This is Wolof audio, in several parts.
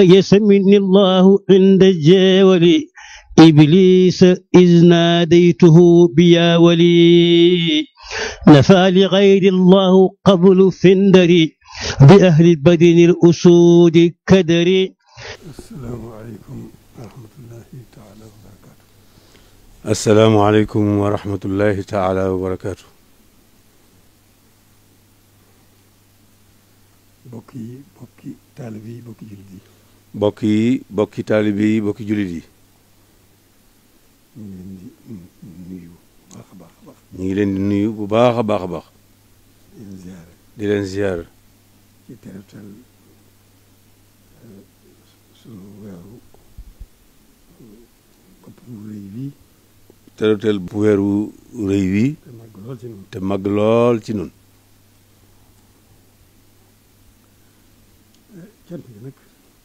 أيسمني الله عند الجاولي إبليس إذ ناديته بيا ولي نفى لغير الله قبل فندري بأهل بدن الأسود كدري السلام عليكم ورحمة الله تعالى وبركاته السلام عليكم ورحمة الله تعالى وبركاته بكي بكي تالبي بكي جلدي bokk yi bokki taalibe yi bokki jullit yi ñu ngi leen di nuyu bu baax a baax a baax di leen ziyaar ci teertal uh, sunu weeru bopp bu rëy wi teertal bu weeru rëy wi te mag lool ci nun uh, cant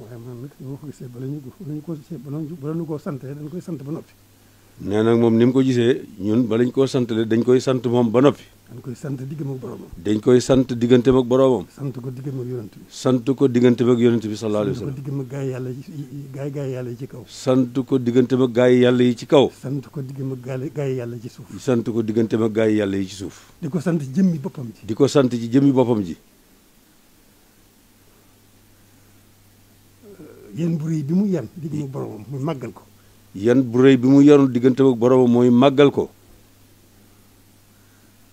waaye man nag ni ma ko gisee bala ñu ko koo sant dañ koy sant ba noppi. nee na moom ni mu ko gisee ñun bala ñu koo santale dañ koy sant moom ba noppi. dañ koy sant diggam ak boromam. dañ koy sant digganteem ak boromam. sant ko diggam ak yonent bi. sant ko digganteem ak yonent bi sallallahu alayhi wa sallam. sant ko gaay yàlla yi gaay gaay yàlla yi ci kaw. sant ko diggante ak gaay yàlla yi ci kaw. sant ko diggam ak gaay gaay yàlla ci suuf. sant ko digganteem ak gaay yàlla yi suuf. di ko sant ci jëmmi boppam ji. di ko sant ci jëmmi boppam ji. yan bu rëy bi mu yan diggante ak boromam muy màggal ko. yan bu rëy bi mu yanu diggante ak boromam mooy màggal ko.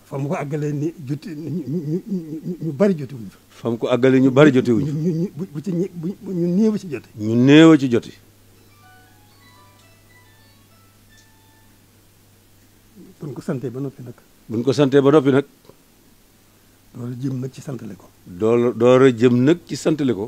fa mu ko àggalee ni jote ñu ñu bari jotewuñu fa. fa mu ko àggalee ñu bari jotewuñu. ñu ñu bu ci ñu néew a ci jote. ñu néew a ci jote. buñ ko santee ba noppi nag. buñ ko santee ba noppi nag. door a jëm nag ci santale ko. door door a jëm nag ci santale ko.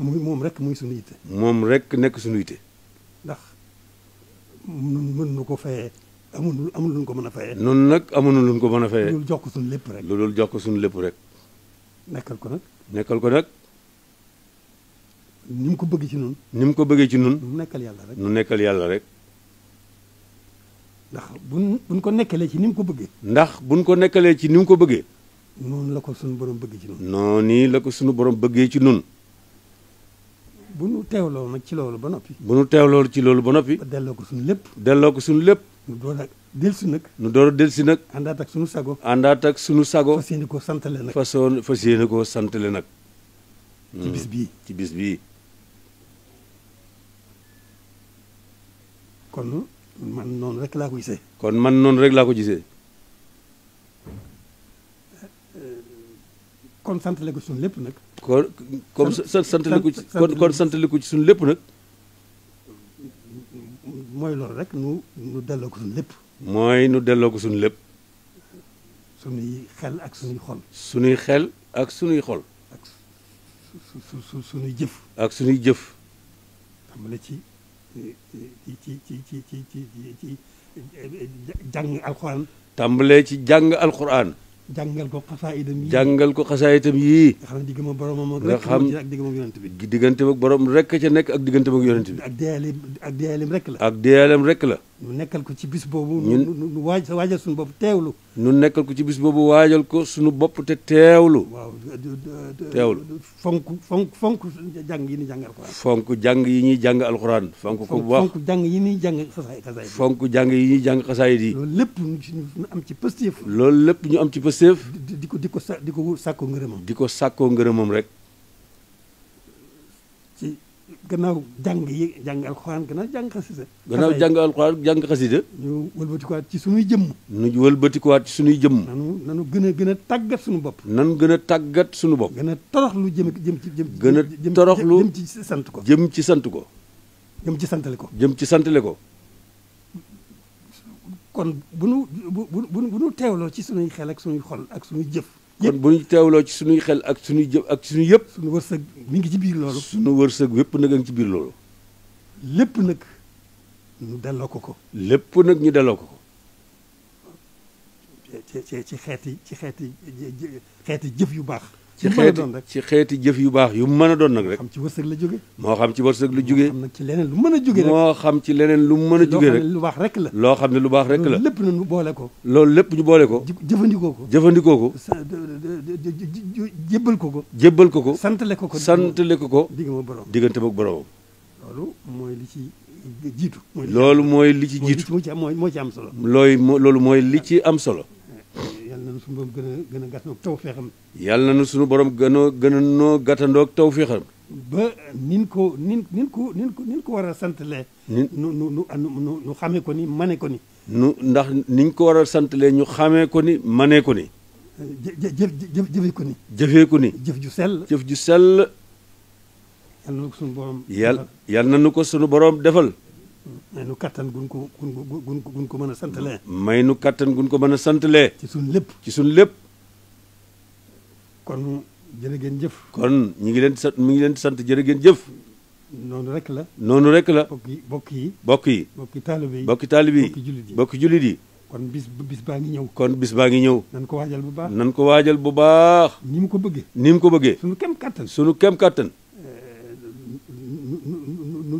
muy moom rek muy sunu yitte. moom rek nekk sunu yitte. ndax nun mën nu ko fayee amul amul luñ ko mën a fayee. noonu nag amul luñ ko mën a fayee. loolu jox ko sunu lépp rek. loolu jox ko sunu lépp rek. nekkal ko nag. nekkal ko nag. ni mu ko bëggee ci nun ni mu ko bëggee ci nun nu nekkal yàlla rek. nu nekkal yàlla rek. ndax buñ buñ ko nekkalee ci ni mu ko bëggee. ndax buñ ko nekkalee ci ni mu ko bëggee. noonu la ko sunu borom bëggee ci nun noonu la ko sunu borom bëggee ci nun bu nu teewloo nag ci loolu ba noppi. bu nu teewloo ci loolu ba noppi. ba delloo ko suñu lépp. delloo ko suñu lépp. nu door a nag. nu door a dellusi nag. àndaat suñu sago. àndaat ak suñu sago. fas yéene koo santale nag. façon fas yéene koo santale nag. ci bis hmm. ci bis bii. kon man noonu rek laa ko gisee. kon man noonu rek laa ko gisee. kon sant ko ci suñu lépp nag. kon comme sant ko ci kon kon sant ko ci suñu lépp nag. mooy loolu rek nu nu delloo ko suñu lépp. mooy nu delloo ko suñu lépp. suñuy xel ak suñuy xol. suñuy xel ak suñuy xol. ak su su suñuy jëf. ak suñuy jëf. xam ci ci ci ci ci ci ci jàng alxuraan. tàmbalee ci jàng alxuraan. jàngal ko xasaayidam itam jàngal ko xasaayidam yii. nga xam diggante boromam rek ak diggante yonent bi. diggante ak borom rek ca nekk ak diggante ak yonent bi. ak deeyaaleem ak deeyaaleem rek la. ak deeyaaleem rek la. ñu nekkal ko ci bis boobu. ñun waaj waajal suñu bopp teewlu. ñu nekkal ko ci bis boobu waajal ko suñu bopp te teewlu. waaw teewlu. fonk fonk fonk jàng yi ñuy jàng alxuraan. fonk jàng yi ñuy jàng alxuraan. fonk ko bu jàng yi ñuy jàng xasaayid. fonk jàng yi ñuy jàng xasaayid loolu lépp ñu am ci pësteef. loolu lépp ñu am ci pësteef. di ko di ko sa di ko sàkkoo ngërëmam. di ko sàkkoo ngërëmam rek. gannaaw jàng yi jàng alxuraan gannaaw jàng xasida gannaaw jàng alxuraan jàng xasida ñu wëlbatikuwaat ci sunuy jëmm ñu wëlbatikuwaat ci sunuy jëmm nanu nanu gën a gën a tàggat suñu bopp nanu gën a tàggat suñu bopp gën a toroxlu jëm jëm ci gën a toroxlu jëm ci sant ko jëm ci sant ko jëm ci santale ko jëm ci santale ko kon bu nu bu bu bu nu teewloo ci sunuy xel ak sunuy xol ak sunuy jëf kon bu ñu teewloo ci suñuy xel ak suñuy jë ak suñuy yëpp. suñu wërsëg mi ngi ci biir loolu. suñu wërsëg wépp nag a ngi ci biir loolu. lépp nag ñu delloo ko ko. lépp nag ñu delloo ko ko. ci ci ci xeeti ci xeeti xeeti jëf yu baax. ci xeeti ci xeeti jëf yu baax yu mën doon nag rek xam ci wërsëg la jóge moo xam ci wërsëg lu jóge moo xam ci leneen lu mën a jóge moo xam ci leneen lu mën a jóge rek lu baax rek la loo xam ne lu baax rek la lépp ñu boole ko loolu lépp ñu boole ko jëfandikoo ko jëfandikoo ko jébbal ko ko jébbal ko ko santale ko ko santale ko ko diggante ak boroomam loolu mooy li ci jiitu loolu mooy li ci jiitu moo ci am solo looy loolu mooy li ci am solo yàlla na nu suñu borom gën a gën a gàttandoog taw feexam yàlla na nu suñu boroom gën a gën a noo gàttandoog taw feexam ba nin ko nin ko nin ko ko war a santale nu nu nu nu nu xamee ko ni mane ko ni nu ndax niñ ko war a santalee ñu xamee ni manee ko ni jëf jëfee ko ni jëfee ni jëf ju sell jëf ju sell yàlla na nu ko suñu borom yàlla yal na nu ko suñu boroom defal may nu kattan gun ko gun ko gun ko mën a santalee. may nu kattan gun ko mën a santalee. ci suñ lépp ci suñ lépp. kon jërë ngeen jëf. kon ñu ngi leen sant mi ngi leen sant jërë ngeen jëf. noonu rek la. noonu rek la. bokk yi bokk yi. bokk yi bokk taalibe yi bokk taalibe yi bokk jullit yi jullit yi. kon bis bis baa ñëw. kon bis baa ngi ñëw. nan ko waajal bu baax nan ko waajal bu baax. ni ko bëgge ni ko bëggee. sunu kem kattan sunu kem kattan.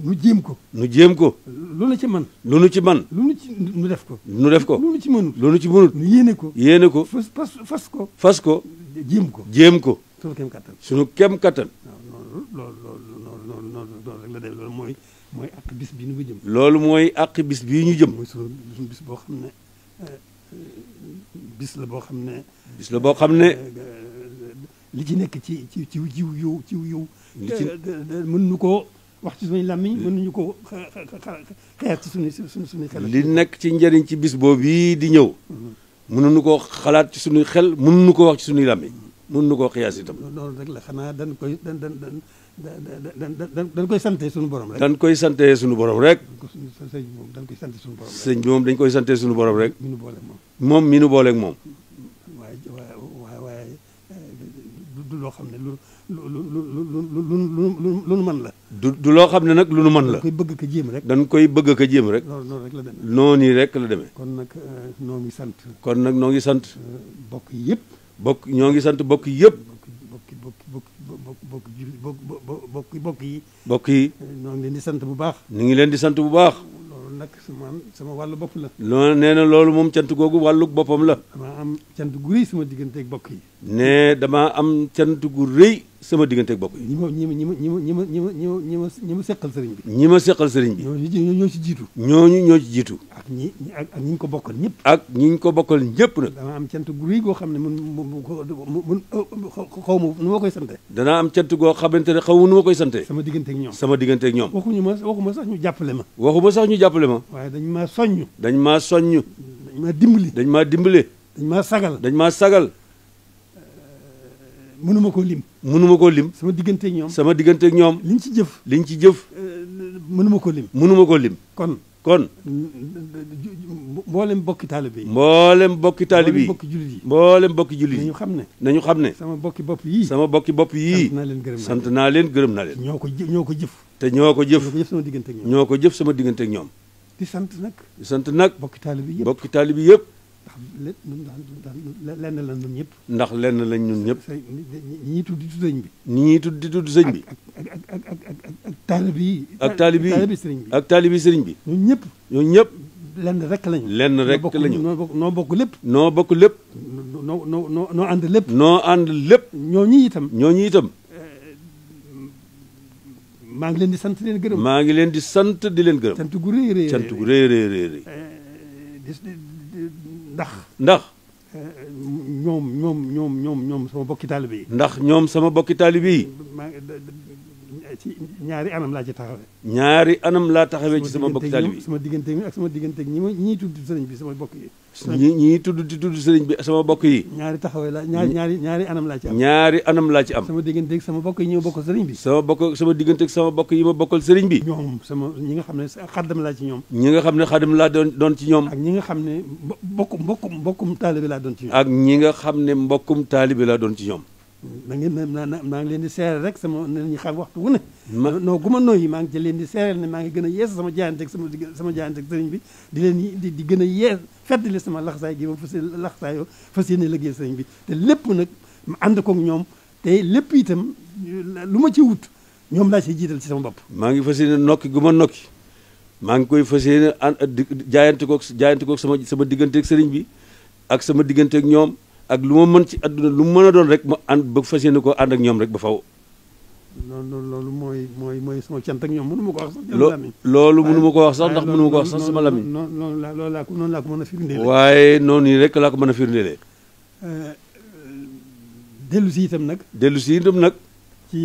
nu jéem ko. nu jéem ko. loolu ci man lu ci man lu nu ci nu def ko. nu def ko lu nu ci mënut. lu nu ci mënut. nu yéene ko. yéene ko fas fas ko. fas ko. jéem ko jéem ko. sunu kem kattan sunu kem kattan. waaw loolu loolu loolu loolu rek la demee loolu mooy mooy àq bis bii ñu jëm. loolu mooy àq bis bii ñu jëm. mooy sunu bis boo xam ne euh, la boo xam ne. bis boo xam ne. Euh, euh, li ci nekk ci ci ci jiw yiw yiw jiw ci mën nu ko wax ci suñuy làmmiñ mënuñu ko xalaat ci suñuy suñu suñuy xel li nekk ci njëriñ ci bis boobu yii di ñëw mm-hmm. mënuñu koo xalaat suñuy xel mënuñu ko wax ci suñuy làmmiñ nu koo xiyaas itam loolu rek la xanaa dañ koy dan dan dan da dañ koy sante suñu borom rek dañ koy sante suñu borom rek sëñ bi moom dañ koy sante suñu borom sëñ bi dañ koy sante suñu borom rek minu booleeg moom moom minu booleeg moom waaye waaye waaye du loo xam ne lu lu lu lu lu lu lu nu mën la. du du loo xam ne nag lu nu mën la. dañ koy bëgg ka jéem rek. dañ koy bëgg ka jéem rek. loolu noonu rek la demee. noonu rek la demee. kon nag euh, noo ngi sant. kon nag noo ngi sant. Euh, bokk yëpp. bokk ñoo ngi sant bokk yëpp. bokk bokk bokk bokk bokk bokk bokk yi. bokk yi. ñoo euh, ngi leen di sant bu baax. ñu ngi leen di sant bu baax. loolu nag sama sama wàllu bopp la. loo nee na loolu moom cant googu wàllu boppam la. damaa am cant gu rëy sama digganteeg bokk yi. ne damaa am cant gu rëy. sama diggante ak bopp yi. ñi ma ñi ma ñi ma ñi ma ñi ma ñi ma ñi ma ñi ma seqal sëriñ bi. ñi ma seqal bi. ñooñu ñoo si jiitu. ñooñu ñoo ci jiitu. ak ñi ak ak ñu ko bokkal ñëpp. ak ñi ñu ko bokkal ñëpp nag. dana am cant gu rëy goo xam ne mun mun mun xaw ma nu ma koy sante. danaa am cant goo xamante ne xaw ma nu koy sante. sama diggante ak ñoom sama diggante ak ñoom. waxuñu ma waxuma sax ñu jàppale ma. waxuma sax ñu jàppale ma. waaye dañ maa soññu. dañ maa soññu. dañ dimbali. dañ maa dimbali. maa sagal. dañ maa sagal mënuma ko lim. mënuma koo lim. sama digganteeg ñoom sama digganteeg ñoom. liñ ci jëf liñ ci jëf. Euh, mënuma ko lim. mënuma koo lim. kon kon. mboolem bokki taalibe yi. mboolem bokki taalibe yi. mboolem bokki yi. mboolem bokki jullit yi. nañu xam ne. nañu xam ne. sama bokki bopp yi sama bokki bopp yii. sant naa leen gërëm naa ñoo ko jë ñoo ko jëf. te ñoo ko jëf. ñoo ko jëf sama digganteeg ñoom. di sant nag. di sant nag. bokki taalibe yëpp bokki taalibe yëpp. ndax lépp ñun daal lenn la ñun ñëpp. ndax lenn lañ ñun ñëpp. ñi ñuy tudd di tudd sëñ bi. ñi ñuy tudd di tudd sëñ bi. ak ak ak ak ak ak taalib yi. ak taalib yi ak taalib yi sëriñ bi. ñun ñëpp. ñun ñëpp. lenn rek lañu. lenn rek lañu noo bokk lépp. noo bokk lépp. noo noo noo noo ànd lépp. noo ànd lépp. ñooñu itam. ñooñu itam. Eh, maa ngi leen di sant di leen gërëm. maa ngi leen di sant di leen gërëm. sant gu rëy a rëy sant gu rëy a rëy eh, ndax ndax eh, ñoom ñoom ñoom ñoom ñoom sama bokki taalibe ndax ñoom sama bokki taalibe ci ñaari anam laa ci taxawee. ñaari anam laa taxawee ci sama bokk taalibe sama digganteeg ñoom sama digganteeg ñi ma ñii tudd sëriñ bi sama bokk yi. ñi ñii tudd di tudd sëriñ bi sama bokk yi. ñaari taxawee la ñaari ñaari ñaari anam laa ci anam laa ci am. sama digganteeg sama bokk yi ñi ma bokkal sëriñ bi. sama bokk sama digganteeg sama bokk yi ma bokkal sëriñ bi. ñoom sama ñi nga xam ne xaddam laa ci ñoom. ñi nga xam ne xaddam laa doon doon ci ñoom. ak ñi nga xam ne mbokkum mbokkum mbokkum taalibe laa doon ci ak ñi nga xam ne mbokkum taalibe laa doon ci ñoom na ngeen na maa ngi leen di seeral rek sama nañu xam waxtu wu ne noo gu ma nooyi maa ngi ci leen di seeral ne maa ngi gën a yees sama jaayante sama sama jaayante sëriñ bi di leen di di gën a yees feddali sama laxsaay gi ma fas laxsaayoo fas yéene liggéey sëriñ bi lépp nag ma ànd ñoom te lépp itam lu ma ci ñoom laa ciy jiital ci sama bopp maa ngi fas yéene nokki gu ma nokki maa ngi koy fas yéene jaayante koog jaayante koog sama sama digganteeg sëriñ bi ak sama digganteek ñoom ak lu ma mën ci àdduna lu mu mën a doon rek ma ànd ba fas yéene koo ànd ak ñoom rek ba faw loolu loolu mooy mooy mooy sama cant ak ñoom ma ko wax sax. loolu mënu ma ko wax sax ndax mënu ma ko wax sax sama lamiñ. noonu la loolu laa ko noonu a firndeelee. waaye noonu yi rek laa ko mën a firndeelee. Euh, dellu si tam nag. dellu si tam nag. ci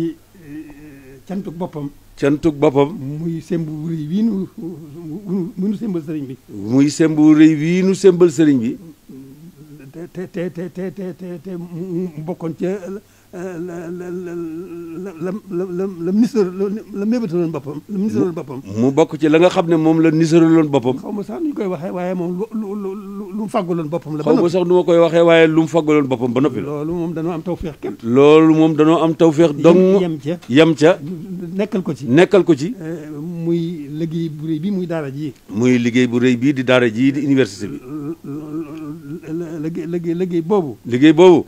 euh, cantuk boppam. cantuk boppam. muy sembu wu sëriñ bi. muy sembu wu wii nu sembal sëriñ bi. te te te te te te te mu bokkoon ca euh, la la la la la ministre la mébétaloon boppam la ministre boppam. mu bokk ci la nga xam ne moom la nisaraloon boppam. xaw ma sax nu ñu koy waxee waaye moom lu lu lu mu faggaloon boppam la. ba noppi xaw ma koy waxee waaye lu mu faggaloon boppam ba noppi la. loolu moom danoo am tawféex kenn. loolu moom danoo am tawféex. dong yem ca yem ca. nekkal ko ci nekkal ko ci. Euh, muy. liggéey bu bi muy daara ji muy liggéey bu rëy bii di daara ji di université bi. liggéey liggéey boobu. liggéey boobu.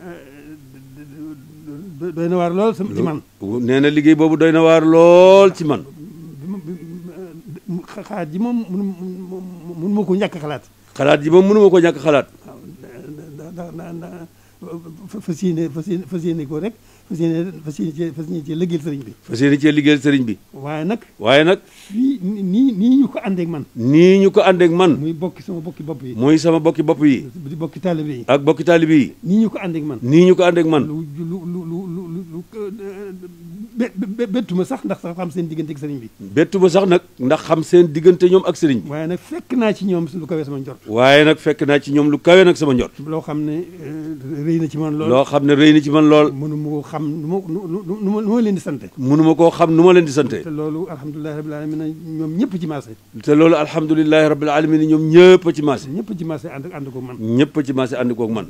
doy na waar lool ci man. nee na liggéey boobu doy na waar lool ci man. xalaat ji moom mënu ma ko ñàkk xalaat. xalaat ji moom mënu ko ñàkk xalaat. waaw da da fas yéene ko rek. fasiyene fasiyene ci fasiyene ci liguel serigne bi fasiyene ci liguel serigne bi waye nak waye nak fi ni ni ñu ko ande ak man ni ñu ko ande ak man muy bokki sama bokki bop yi muy sama bokki bop yi bokki talibi yi ak bokki talibi yi ni ñu ko ande ak man ni ñu ko ande ak man lu lu lu lu lu bettuma sax ndax xam seen diggante ak sëriñ bi bettu ma sax nag ndax xam seen diggante ñoom ak sëriñ bi waaye nag fekk naa ci ñoom lu kawe sama njort waaye nag fekk naa ci ñoom kawe nag sama njort loo xam ne eh, rëy na ci man lool loo xam ne rëy na ci man lool mënu ma koo xam nu ma nu ma nu leen di sante mënuma koo xam nu ma leen di sante te loolu alhamdulilahi rabbil alamin ñoom ñëpp ci maase te loolu alhamdulilahi rabbil alamin ñoom ñëpp ci maase ñëpp ci maase ànd ànd koog man ñëpp ci maase ànd koog man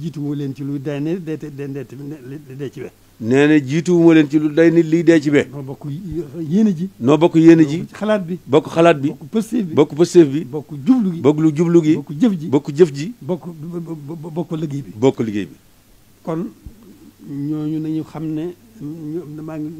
jiituwuma leen ci lu day ne dee dee ci be nee na jiituwuma leen ci lu day ne lii dee ci be noo bokk yéene ji noo bokk yéene ji xalaat bi bokk xalaat bi bokk pësteef bi bokk pësteef bi bokk jublu gi bokk lu jublu gi bokk jëf ji bokk jëf ji bokk bokk liggéey bi bokk liggéey bi kon ñooñu nañu xam ne maa ngi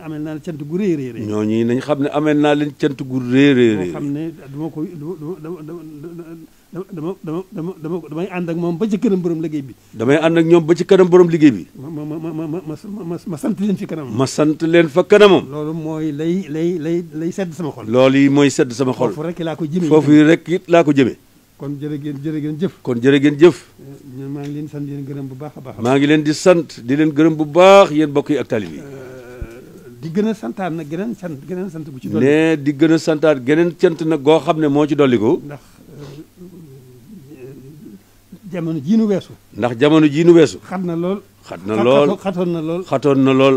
amel naa leen cant gu rëy rëy rëy. ñooñu xam ne amel leen cant gu rëy rëy ne dama ko dama dama dama dama dama damay ànd ak moom ba ci kanam borom liggéey bi. damay ànd ak ñoom ba ci kanam borom liggéey bi. ma ma ma ma ma ma sant leen fi kanam ma sant leen fa kanamam. loolu mooy lay lay lay lay sedd sama xol. loolu yi mooy sedd sama xol. foofu rek laa ko jëmee foofu rek laa ko jëmee. kon jërë ngeen jërë ngeen jëf. kon jërë ngeen jëf. maa ngi leen di sant gërëm bu baax a ngi leen di sant di leen gërëm bu baax yéen mbokk yi ak talib yi. di gën a santaat na geneen sant geneen sant bu ci dolli. di gën a santaat geneen cant nag goo xam ne moo ci dolliku. ndax euh, jamono jii nu weesu. ndax jamono jii nu weesu. xat na lool. xat na lool xatoon na lool. xatoon na lool.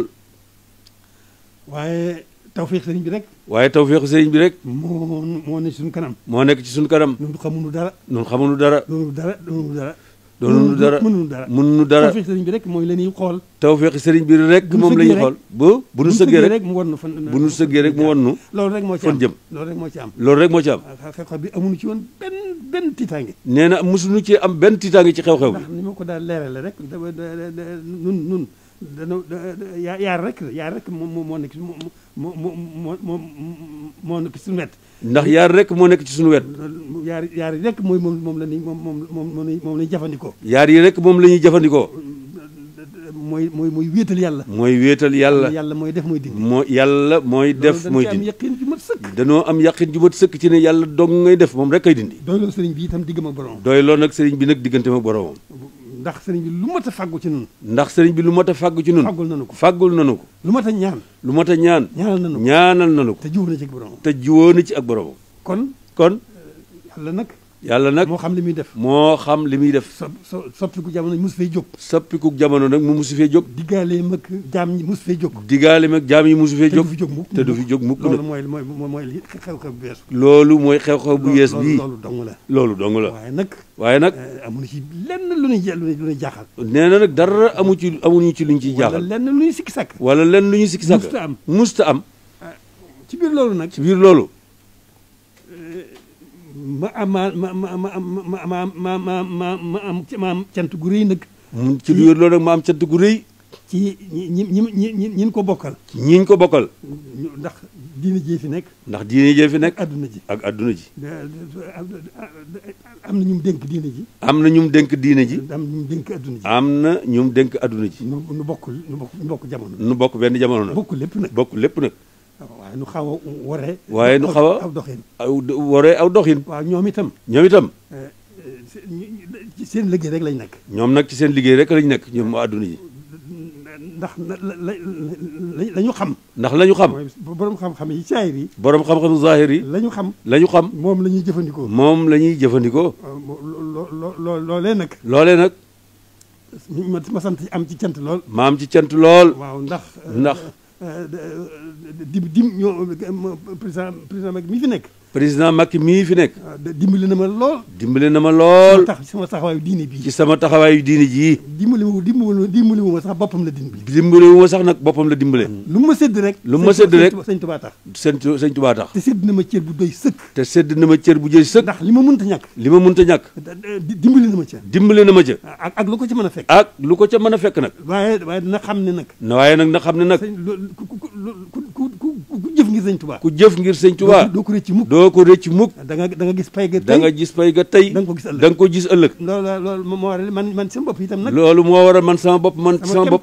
waaye. tawféex sëriñ bi rek. waaye tawféex sëriñ bi rek. moo moo nekk suñu kanam. moo nekk ci suñu kanam. ñun xamuñu dara. ñun xamuñu dara. doonul dara doonul dara. doonul dara mënuñu dara dara. tawféex sëriñ bi rek mooy la ñuy xool. tawféex sëriñ bi rek moom la ñuy xool. bu bu nu sëggee rek mu wonnu fan. bu nu sëggee rek mu wonnu. loolu rek moo ci am fan jëm. loolu rek moo ci am. loolu rek moo am. xew-xew bi amuñu ci woon benn benn tiitaange. nee na mosuñu ci am benn tiitaange ci xew-xew bi. ni ma ko daal leerale rek nun nun dana yaa yaar rek yaar moo moo nekk moo moo moo moo moo nekk ci suñu wet. ndax yaar rek moo nekk ci suñu wet. yaar yaar yi rek mooy moom moom la ñuy moom moom moom la ñuy jëfandikoo. yaar yi rek la ñuy jëfandikoo. mooy mooy mooy wéetal yàlla. mooy wéetal yàlla. yàlla mooy def mooy dindi. moo yàlla mooy def mooy dindi. loolu am yaqin ju sëkk. danoo am yaqin ju mat sëkk ci ne yàlla dong ngay def moom rek kay dindi. doyloo sëriñ bi itam digg ma boromam. doyloo nag sëriñ bi nag diggante ma boromam. ndax sëriñ bi lu mat a fàggu ci nun ndax sëriñ bi lu mat a fàggu ci nun fàggul nanu ko fàggul nanu ko lu mat a ñaan lu mat a ñaan ñaanal nanu ko ñaanal nanu ko te jiwoon na ci ak boromam te jiwoon na ci ak boromam kon kon yàlla nag yàlla nak mo xam limi def mo xam limi def soppiku jamono mosu fee jóg soppiku jamono nak mu mosu fee jóg digale mak jam yi mosu fee jóg digale mak jam yi mosu fee jóg te du fi jóg mukk lolu moy moy moy xew-xew bu yes lolu moy xew-xew bu yes bi lolu dong la loolu dong la waaye nag waaye nag amuñu ci lenn lu jël lu ñuy jaaxal nee na dara amu ci amuñu ci luñ ciy jaaxal lenn lu ñuy sikki sak wala lenn lu ñuy sikki sak musta am musta am ci bir lolu nak ci bir lolu ma am ma ma ma ma ma ma ma ma ma am ma am cant gu nag. ci biir loolu nag ma am cant gu rëy. ci ñi ñi ñi ñi ñi ko bokkal. ñi ko bokkal. ndax diine jee fi nekk. ndax diine jee fi nekk. ji ak adduna ji. am na ñu denk dénk diine ji. am na ñu denk dénk ji. am na ñu mu dénk adduna ji. am na ñu mu dénk adduna ji. nu bokk nu bokk bokk jamono. nu bokk benn jamono nag. bokk lépp nag bokk lépp nag. waaye nu xaw a waree. waaye nu xaw a aw doxin. aw waree aw doxin. waaw ñoom itam. ñoom itam. ci eh, eh, seen liggéey rek lañ nekk. ñoom nag ci seen liggéey rek lañ nekk ñoom adduna yi. ndax la la ñu xam. ndax la xam. borom xam-xam yi saahir yi. borom xam-xam zaahir yi. la ñu xam la ñu xam. moom la ñuy jëfandikoo. moom la ñuy jëfandikoo. Oh, loo loolee nag. loolee nag. ma sant am ci cant lool. ma am ci cant lool. waaw ndax eh, ndax. di di ñoo président président Macky mi fi nekk président Macky mii fi nekk. Ah, dimbali na ma lool. dimbali na ma lool. ci sama taxawaayu diini bii. ci sama taxawaayu diini jii. dimbali wu dimbali wu ma sax boppam la dimbali. dimbali wu ma sax nag boppam la dimbale. lu ma sédd rek. lu ma sédd rek sëñ Tuubaa tax. sëñ sëñ Tuubaa tax. te sédd na ma cër bu doy sëkk. te sedd na ma cër bu doy sëkk. ndax li ma mënta ñàkk. li ma mënta ñàkk. dimbali na ma ca. dimbali na ma ca. ak ak lu ko ca mën a fekk. ak lu ko ca mën a fekk nag. waaye waaye na xam ne nag. waaye nag na xam ne nag. ku jëf ngir sëñ Tuubaa. ku jëf ngir sëñ Tuubaa. doo ko rëcc doo ko rëcc mukk da nga da nga gis pay ga tey loolu moo waral man man sama bopp itam nag loolu moo man sama bopp man sama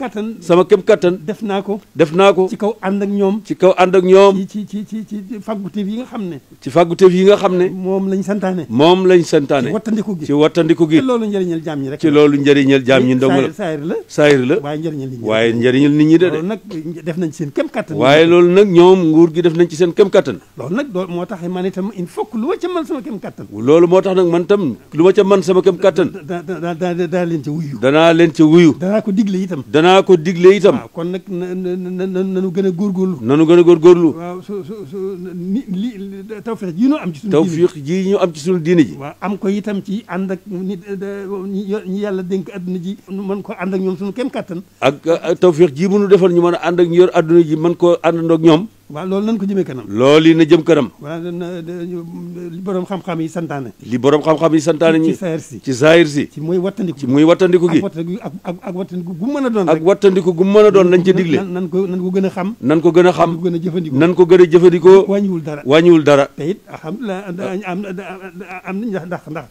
kem kattan def naa ko def naa ko ci kaw ànd ak ñoom ci kaw ànd ak ñoom ci ci ci ci fàgguteef yi nga xam ne ci fàgguteef yi nga xam ne moom lañ santaane moom lañ santaane ci gi ci wattandiku gi loolu njëriñal jaam rek ci loolu njëriñal jaam ñi ndong la saayir la la waaye njëriñal nit ñi waaye njëriñal nit ñi de loolu nag def nañ seen kem kattan waaye loolu nag ñoom nguur gi def nañ ci seen kem kattan loolu nag moo tax ma itam il faut que lu ma ca mën sama kem kattan loolu moo tax nag man tam lu ma ca mën sama kem kattan daa daa leen ca wuyu danaa leen ca wuyu danaa ko digle itam danaa ko digle itam waaw kon nag nanu gën a góorgóorlu nanu gën a góorgóorlu waaw su su su li tawfiq ji am ci suñu tawfiq ji ñu am ci suñu am ko itam ci ànd ak nit ñi yàlla dénk adduna ji mën ko ànd ñoom suñu kem kattan ak tawfiq ji mu nu defal ñu man a ànd ak ñu ji mën koo àndandoog ñoom waaw loolu nañ ko jëmee kanam. loolu yi na jëm kanam. waaw li borom xam-xam yi santaane. li borom xam-xam yi santaane ñi. ci saayir si ci saayir si. ci muy wattandiku ci muy wattandiku gi. ak ak ak wattandiku gu mën a doon ak wattandiku gu mën a doon lañ ca digle. nan ko nan ko gën a xam. nan ko gën a xam nan ko gën a jëfandikoo. wàññiwul dara wàññiwul dara. te it alhamdulilah am am ndax ndax.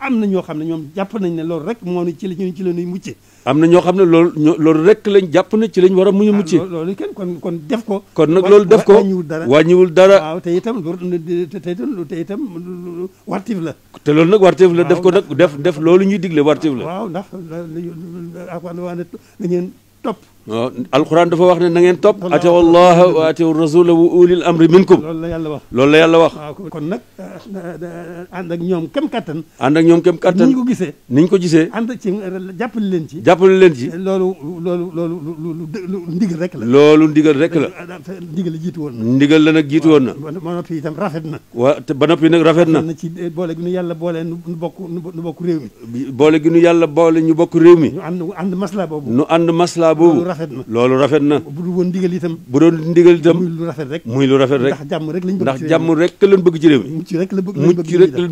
am na ñoo xam ne ñoom jàpp nañ ne loolu rek moo ci la ñu ci la ñuy mucce am na ñoo xam ne loolu loolu rek lañ jàpp na ci lañ war a muccee mucce loolu kenn kon kon def ko kon nag loolu def ko wàññiwul dara waaw te itam te itam te itam wartif la te loolu nag wartif la def ko nag def def loolu ñuy digle wartif la waaw ndax alquran waa ne da ngeen topp waaw alxuraan dafa wax ne na ngeen topp atew allaha wa atew rasula wa ulil amri minkum loolu la yàlla wax loolu la yàlla wax kon nag euh, euh, ànd ak ñoom kem kattan ànd ak ñoom kem kattan ni ko gisee ni ñu ko gisee ànd ci euh, jàppale leen ci jàppale leen ci loolu loolu loolu lu ndigal rek la loolu ndigal rek la ndigal la jiitu woon na ndigal la nag jiitu woon na ba noppi itam rafet na waa ba noppi nag rafet na ci boole gi nu yàlla boole nu bokk nu bokk réew mi boole gi nu yàlla boole ñu bokku réew mi ñu ànd nu ànd masla boobu rafet na loolu rafet na bu dul woon ndigal itam bu doon ndigal itam muy lu rafet rek muy lu rafet rek ndax jàmm rek lañ bëgg ndax jàmm rek lañ bëgg ci réew mi mucc rek lañ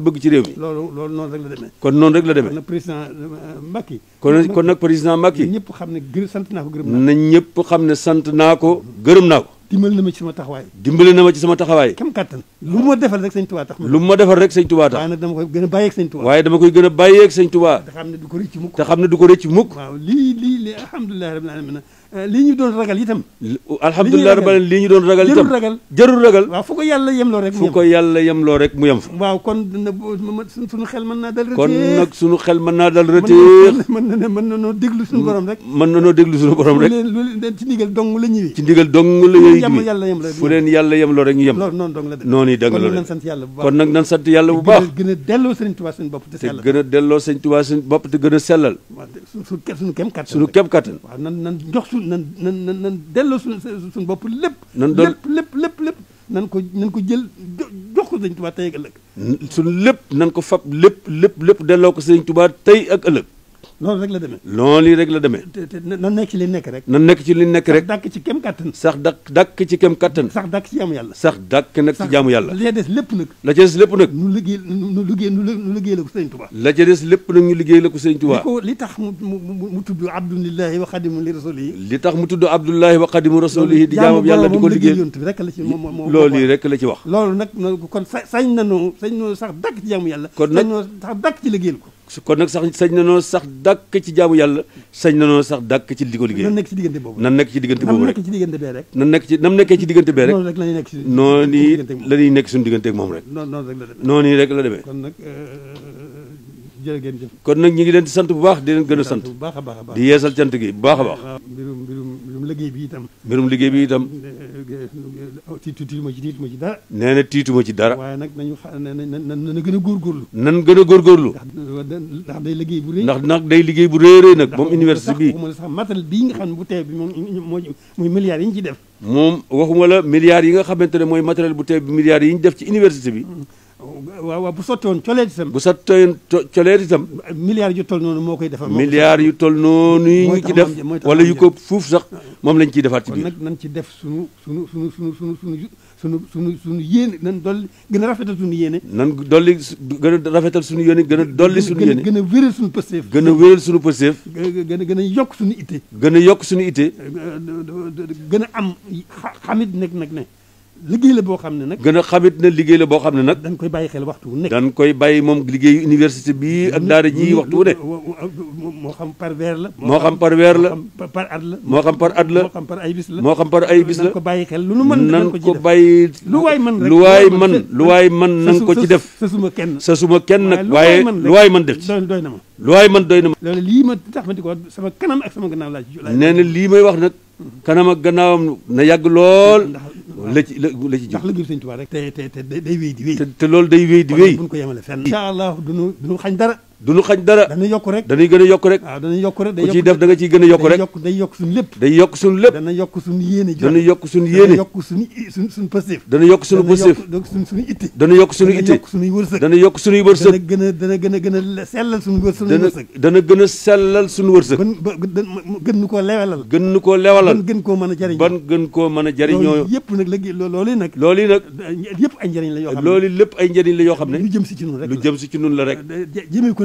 bëgg ci réew mi loolu loolu noonu rek la demee kon noonu rek la demee kon président euh, Macky kon kon nag président Macky ñëpp xam ne sant naa ko gërëm naa ko na ñëpp xam ne sant naa ko gërëm naa ko dimbali na ma ci sama taxawaay dimbali na ma ci sama taxawaay kem kattan lu ma defal rek sëñ tubaa tax lu ma rek sëñ tubaa tax dama koy gën a bàyyeeg sëñ tubaa waaye dama koy gën a bàyyeeg sëñ tubaa te xam ne du ko rëcc mukk te xam li du ko rëcc mukk waaw lii lii Euh, li ñu doon ragal itam. alhamdulilah rabbil alamin li ñu doon ragal itam jarul ragal jarul ragal. waaw fu ko yàlla yemloo rek. mu yem fu ko yàlla yemloo rek mu yem fa. waaw kon dina sunu xel mën naa dal. rëtéex kon nag sunu xel mën naa dal rëtéex. mën na mën na noo déglu sunu borom rek. mën na noo déglu sunu borom rek. lu leen ci ndigal dong la ñëwee. ci la ñuy ñëwee fu leen yàlla yemloo rek ñu yem. loolu dong la de. noonu yi dëgg la de kon nag bu baax. gën a delloo sëñ Tuubaa suñu bopp te sellal. te gën sellal. sunu kem kattan sunu kem kattan. waaw nan nan suñ nan nan nan nan delloo suñ suñ bopp lépp nan doon lépp lépp lépp lépp nan ko nan ko jël jox ko sëñ tubaa tey ak ëllëg suñ lépp nan ko fab lépp lépp lépp delloo ko sëñ tubaa tey ak ëllëg loolu rek la demee. loolu rek la demee. te te nan nekk ci li nekk rek. nan nekk ci li nekk rek. dàkk ci kem kattan. sax dàkk dàkk kem kattan. sax dàkk ci jaamu yàlla. sax dàkk nag ci jaamu yàlla. la ca des lépp nag. la ca des lépp nag. nu liggéey nu liggéey nu liggéey la lépp nag ñu liggéey la ko Sëriñ Tuubaa. li tax mu mu mu tudd Abdullahi wa xadimu li rasulihi. li tax mu tudd Abdullahi wa xadimu rasulihi. di jaamu yàlla di ko liggéey loolu yi rek la ci wax. loolu nag kon sañ nañu sañ nañu sax dàkk ci jaamu yàlla. kon nag sañ nañu sax dàkk ci liggéeyal ko su kon nag sax sañ na noo sax dakk ci jaamu yàlla sañ na noo sax dakk ci li ko liggéey nan nekk ci diggante boobu nan nekk ci diggante boobu rek nan nekk ci nam nekkee ci diggante bee rek noonu la ñuy nekk suñu digganteeg moom rek noonu rek la demee ko nag euh, jërë ngeen jëf kon nag ñu ngi leen sant bu baax di leen gën a sant di yeesal cant gi bu baax a baax liggéey bi tam mbirum liggéey bi itam. tiitu tiituma ci tiituma ci dara. nee na tiituma ci dara. waaye nag nañu xa na na gën a góorgóorlu. nan gën a góorgóorlu. ndax day liggéey bu rëy. ndax nag day liggéey bu rëy rëy nag moom université bi. ndax sax matal bii nga xam ne bu teew bi moom mooy milliards yi ñu ci def. moom waxuma la milliards yi nga xamante ne mooy matériel bu teew bi milliards yi ñu def ci université bi. Mm. waaw waaw bu sottoon coleet itam. bu sottoon coleet itam. milliards yu toll noonu moo koy defar. milliar yu toll noonu yi ñu ci def wala yu ko fuuf sax moom lañ ciy defaat ci biir. nag nañ ci def sunu sunu sunu sunu sunu sunu sunu sunu sunu yéene nan dolli gën a rafetal sunu yéene. nan dolli gën a rafetal sunu yéene gën a dolli sunu yéene. gën a wéral sunu pësteef. gën a wéral sunu pësteef. gën a gën a yokk sunu ite gën a yokk sunu itte. gën a am xamit nag nag ne. liggéey la boo xam ne nag gën a xamit na liggéey la boo xam ne nag dañ koy bàyyi xel waxtu wu nekk dañ koy bàyyi moom liggéeyu université bi ak daara ji waxtu wu nekk moo xam par weer la moo xam par weer la par at la moo xam par at la moo xam par ay bis la moo xam par ay bis la nan ko bàyyi xel lu nu mën nan ko bàyyi lu waay mën lu waay mën lu waay mën nan ko ci def sa suma kenn sa suma kenn nag waaye lu waay mën def ci doy na ma lu waay mën doy na ma loolu lii ma tax ma di ko sama kanam ak sama gannaaw laa ci nee na lii may wax nag kanam ak gannaawam na yàgg lool. la ci la la ci jóg ndax la biir sëñ Tuubaa rek. te te te day wéy di wéy. te te loolu day wéy di wéy. buñ ko yemale fenn. incha allah duñu duñu xañ dara. du nu xañ dara dañuy yokk rek dañuy gën a yokk rek waaw dañuy yokk rek ku ciy def da nga ciy gën a yokk rek day yokk suñu lépp day yokk suñu lépp dana yokk suñu yéene dana yokk suñu yéene yokk suñu suñ suñu positif dana yokk suñu positif suñu itti dana yokk suñu itti yokk suñuy wërsëg dana yokk suñuy wërsëg dana gën a dana gën sellal suñu wërsëg dana gën sellal suñu wërsëg gën nu koo gën nu koo lewalal gën koo mën jariñ ban gën koo mën a jariñoo yëpp nag léegi loolu nag loolu nag yëpp ay njariñ la yoo xam ne loolu lépp ay njariñ la yoo xam ne lu jëm si ci nun rek lu jëm si ci nun la rek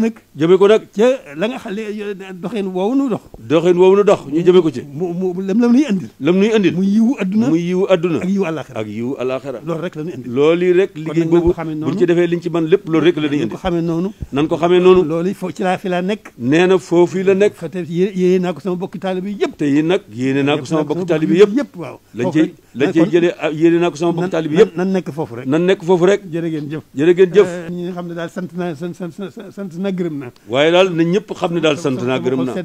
nag jëme ko nag ca la nga xam eh, doxeen woowu nu dox doxeen woowu nu dox ñu jëme ko ci mu lam lam nuy andil lam nuy andil mu yiwu adduna mu yiwu adduna ak yiwu alaxira loolu rek la nuy andil loolu yi rek liggéey boobu buñ ci defee liñ ci man lépp loolu rek la nuy andil ko xamee noonu nan ko xamee noonu loolu foo ci laa fi laa nekk nee na foofu la nekk yéene naa ko sama bokki taalibe yëpp te yi nag yéene naa ko sama bokki taalibe yëpp waaw lañ la cay jëlee yéene naa ko sama bokk taalib yëpp nan nekk foofu rek nan nekk foofu rek jërë ngeen jëf jërë ngeen jëf ñi nga xam ne daal sant naa sant sant naa gërëm naa waaye daal na ñëpp xam ne daal sant naa gërëm naa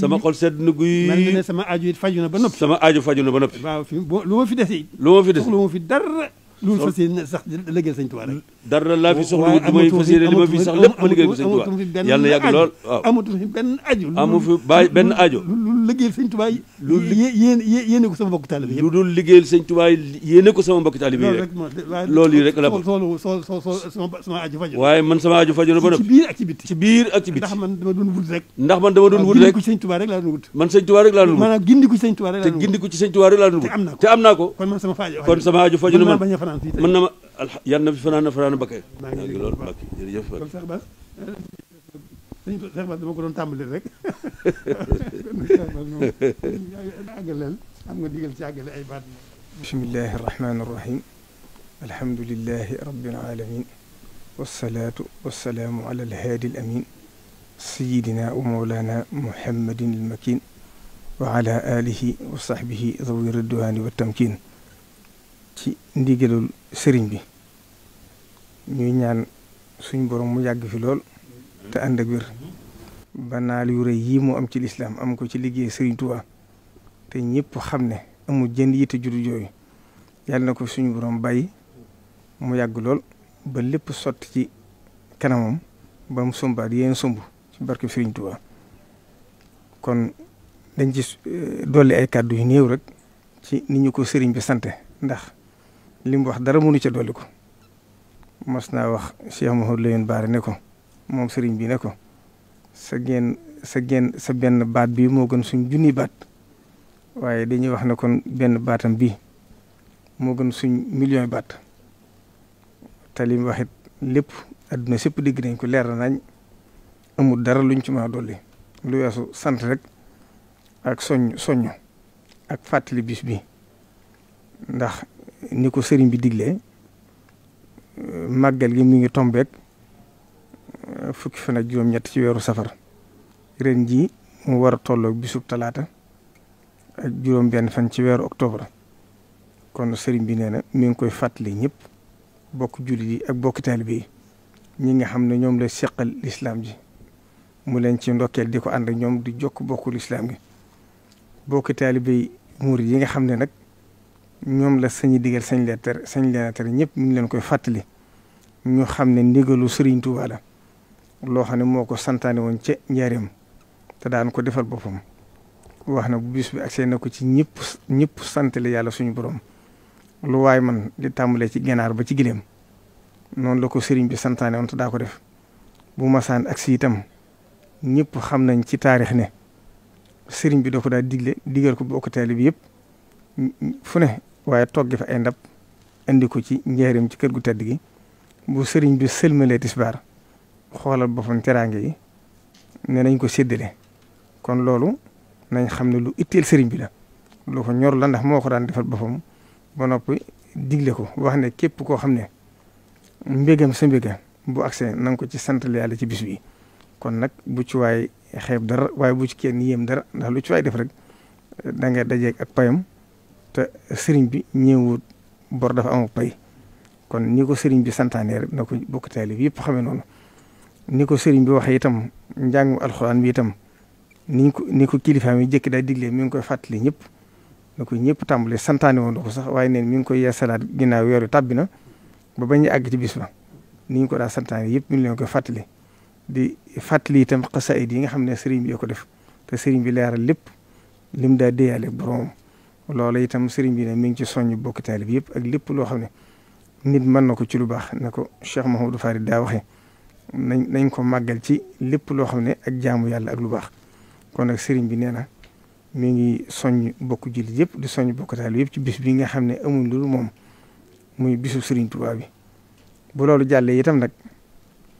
sama xol sedd na guy mel na ne sama aajo it faju na ba noppi sama aajo faju na ba noppi waaw fi lu ma fi dese lu ma fi dese lu ma fi dara lu fas yéene sax liggéeyal sëñ Tuubaa rek lu liggéeyal sëñ Tuubaa lu lu dul liggéeyal sëñ Tuubaa ko sama mbokk taalibe yi rek loolu yi rek la ko waaye man sama aju faju ba noppi ci biir ak ci rek ndax man te am naa ko kon man aju faju man بسم الله الرحمن الرحيم الحمد لله رب العالمين والصلاة والسلام على الهادي الأمين سيدنا ومولانا محمد المكين وعلى آله وصحبه ذوي الردوان والتمكين ci ndigalul sëriñ bi ñuy ñaan suñ borom mu yàgg fi lool te ànd ak wér banaal yu rëy yii moo am ci lislaam am ko ci liggéey sëriñ Tuubaa te ñëpp xam ne amul jënd yitte juddu jooyu yàlla na ko suñu borom bàyyi mu yàgg lool ba lépp sotti ci kanamam ba mu sombaat yéen sumb ci barke sëriñ Tuubaa kon dañ ci eh, dolli ay kàddu yu néew rek ci ni ñu ko sëriñ bi sante ndax li mu wax dara mënu ca dolli ko mas naa wax Cheikh Mouhamadou Lamine Bara ne ko moom sëriñ bi ne ko sa genn sa genn sa benn baat bi moo gën suñ junni baat waaye dañuy wax ne kon benn baatam bi moo gën suñ million baat te li mu lépp àdduna sépp dégg nañ ko leer nañ amul dara luñ ci mën a dolli lu weesu sant rek ak soññ soññ ak fàttali bis bi ndax ni ko sëriñ bi digle màggal gi mu ngi tombeek eh, fukki fan ak juróom-ñett ci weeru safar ren ji mu war a tolloog bisub talaata ak juróom-benn fan ci weeru octobre kon sëriñ bi nee na mi ngi koy fàttale ñëpp bokk jullit yi ak bokk taalibe yi ñi nga xam ne ñoom la seqal lislaam ji mu leen ci ndokkeel di ko ànd ñoom di jokk bokku lislaam gi bokk yi muur yi nga xam ne nag ñoom la sañi digal sañ leen tere sañ leen ñëpp ñu ngi leen koy fàttali ñu xam ne ndigalu Serigne Touba la loo xam ne moo ko santaane woon ca njaareem te daan ko defal boppam wax na bu bis bi agsee na ko ci ñëpp ñëpp sant yàlla suñu borom lu waay man di tàmbalee ci ganaar ba ci gileem noonu la ko Serigne bi santaane woon te daa ko def bu masaan agsi itam ñëpp xam nañ ci taarix ne sëriñ bi da ko daa digle digal ko bokk taalibe bi yëpp fu ne waaye togg fa ay ndab indi ko ci njaareem ci kër gu tedd gi bu sëriñ bi sëlmalee tisbaar xoolal boppam teraange yi ne nañ ko séddale kon loolu nañ xam ne lu itteel sëriñ bi la lu ko ñor la ndax moo ko daan defal boppam ba noppi digle ko wax ne képp koo xam ne mbégam sa mbéga bu agsee na nga ko ci santal yàlla ci bis bi kon nag bu ci waay xeeb dara waaye bu ci kenn yéem dara ndax lu ci waay def rek da nga ak payam te sëriñ bi ñëwut bor dafa am pay kon ni ko sëriñ bi santaane rek na ko bokk taalib yëpp xamee noonu ni ko sëriñ bi waxee itam njàngu alxuraan bi itam ni ko ni ko kilifaam yi jëkk daa diglee mi ngi koy fàttali ñëpp na ñëpp tàmbale santaane woon ko sax waaye neen mi ngi koy yeesalaat ginnaaw weeru tàbbi na ba bañ a àgg ci bis ba ni ko daa santaane yëpp mi ngi leen koy fàttali di fàttali itam xasaayid yi nga xam ne sëriñ bi ko def te sëriñ bi leeral lépp lim daa déyaale boromam loolu itam sëriñ bi ne mi ngi ci soññ bokki taalib yëpp ak lépp loo xam ne nit mën na ko ci lu baax na ko Cheikh Mahamadou Farid daa waxee nañ nañ ko màggal ci lépp loo xam ne ak jaamu yàlla ak lu baax kon nag sëriñ bi nee na mi ngi soñ bokk jullit yëpp di soññ bokk taalib yëpp ci bis bi nga xam ne amuñ lu moom muy bisu sëriñ Tuubaa bi bu loolu jàllee itam nag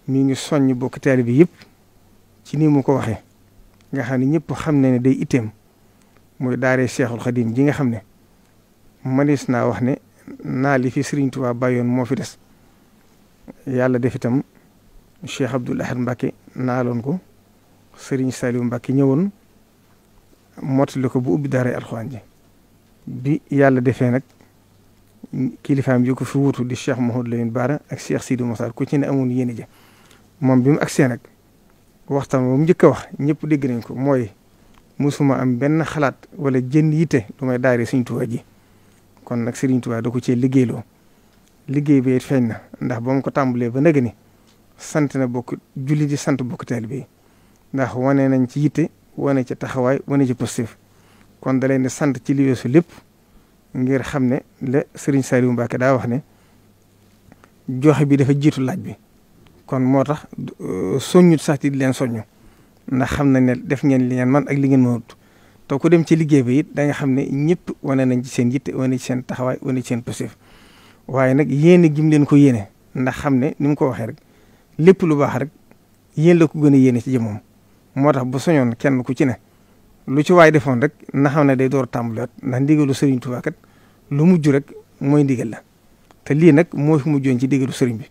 mi ngi soññ bokk taalib yëpp ci ni mu ko waxee nga xam ne ñëpp xam ne ne day itteem muy daaree Cheikhul Khadim ji nga xam ne manis naa wax ne naa li fi Serigne Touba bàyyoon moo fi des yàlla def itam Cheikh Abdoul Ahad Mbacke naaloon ko sëriñ Serigne Saliou Mbacke ñëwoon mottali ko bu ubbi daaree alxuraan ji bi yàlla defee nag kilifaam yi ko fi wutu di Cheikh Mouhamadou Lamine Bara ak Cheikh Sidi Moussa ku ci ne amoon yéene ja moom bi mu agsee nag waxtaan ba mu njëkk a wax ñëpp dégg nañ ko mooy. musuma am benn xalaat wala jënd yitte lu may daari Sëriñ Tuubaa ji kon nag Sëriñ Tuubaa da ko cee liggéeyloo liggéey bi it feeñ na ndax ba mu ko tàmbalee ba nëgë ni sant na bokk julli di sant bokk taalibe yi ndax wane nañ ci yitte wane ci taxawaay wane ci positif kon da leen sant ci li weesu lépp ngir xam ne la Sëriñ Saliou Mbacké daa wax ne joxe bi dafa jiitu laaj bi kon moo tax soññut sax di leen soññu. ndax xam nañ ne def ngeen li man ak li ngeen mënut te ko dem ci liggéey bi it da xam ne ñëpp wane nañ ci seen yitte wane ci seen taxawaay wane ci seen positif waaye nag yéene gim leen ko yéene ndax xam ne ni mu ko waxee rek lépp lu baax rek yéen la ko gën a yéene ci jëmmam moo tax bu soñoon kenn ku ci ne lu ci waay defoon rek na xam ne day door tàmbaliwaat ndax ndigalu sëriñ Tuubaa lu mujj rek mooy ndigal la te lii nag moo fi mujjoon ci ndigalu sëriñ bi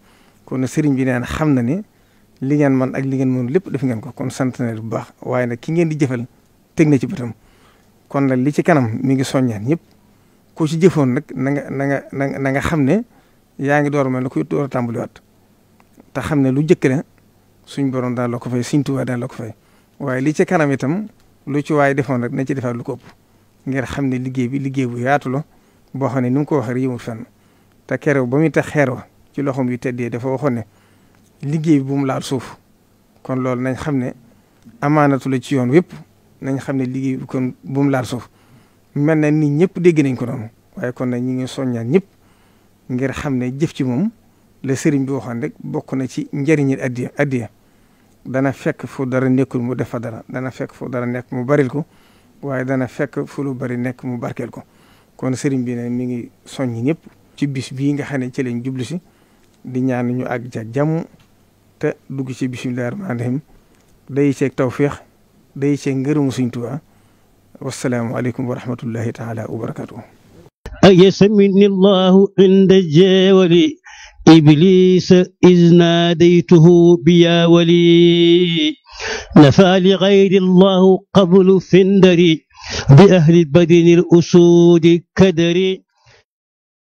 kon sëriñ bi nee xam na ne li ngeen man ak li ngeen mën lépp def ngeen ko kon sant na bu baax waaye nag ki ngeen di jëfal teg na ci bëtam kon nag li ci kanam mi ngi soññaan ñëpp ku ci jëfoon nag na nga na na nga xam ne yaa ngi door mel ne kuy door a tàmbaliwaat te xam ne lu njëkk la suñ borom daal la ko fay suñ tubaab daal la ko fay waaye li ci kanam itam lu ci waaye defoon rek na ci defaat ko ëpp ngir xam ne liggéey bi liggéey bu yaatu la boo xam ne ni mu ko waxee rek yëmul fenn te keroog ba muy tax xeer wa ci loxoom yu teddee dafa waxoon ne. liggéey bu mu laal suuf kon loolu nañ xam ne amaanatul ci yoon wépp nañ xam ne liggéey kon bu mu laal suuf mel na nit ñëpp dégg nañ ko noonu waaye kon nag ñu ngi soññaat ñëpp ngir xam ne jëf ci moom la sëriñ bi bokk na ci njëriñi addiya addiya dana fekk fu dara nekkul mu def fa dara dana fekk fu dara nekk mu baril ko waaye dana fekk fu bari nekk mu barkeel ko kon sëriñ bi ne mi ngi soññ ñëpp ci bis bii nga xam ne ci lañ jublu si di ñaan ñu àgg ca te dugg ci bismillahi rahmaani rahim day ceeg tawféex day ceeg ngërëmu Sëriñ Tuubaa wasalaamualeykum wa rahmatullahi taala wa barakatuh أيسمني الله عند جاول إبليس إذ ناديته بيا ولي نفى لغير الله قبل فندري بأهل بدن الأسود كدري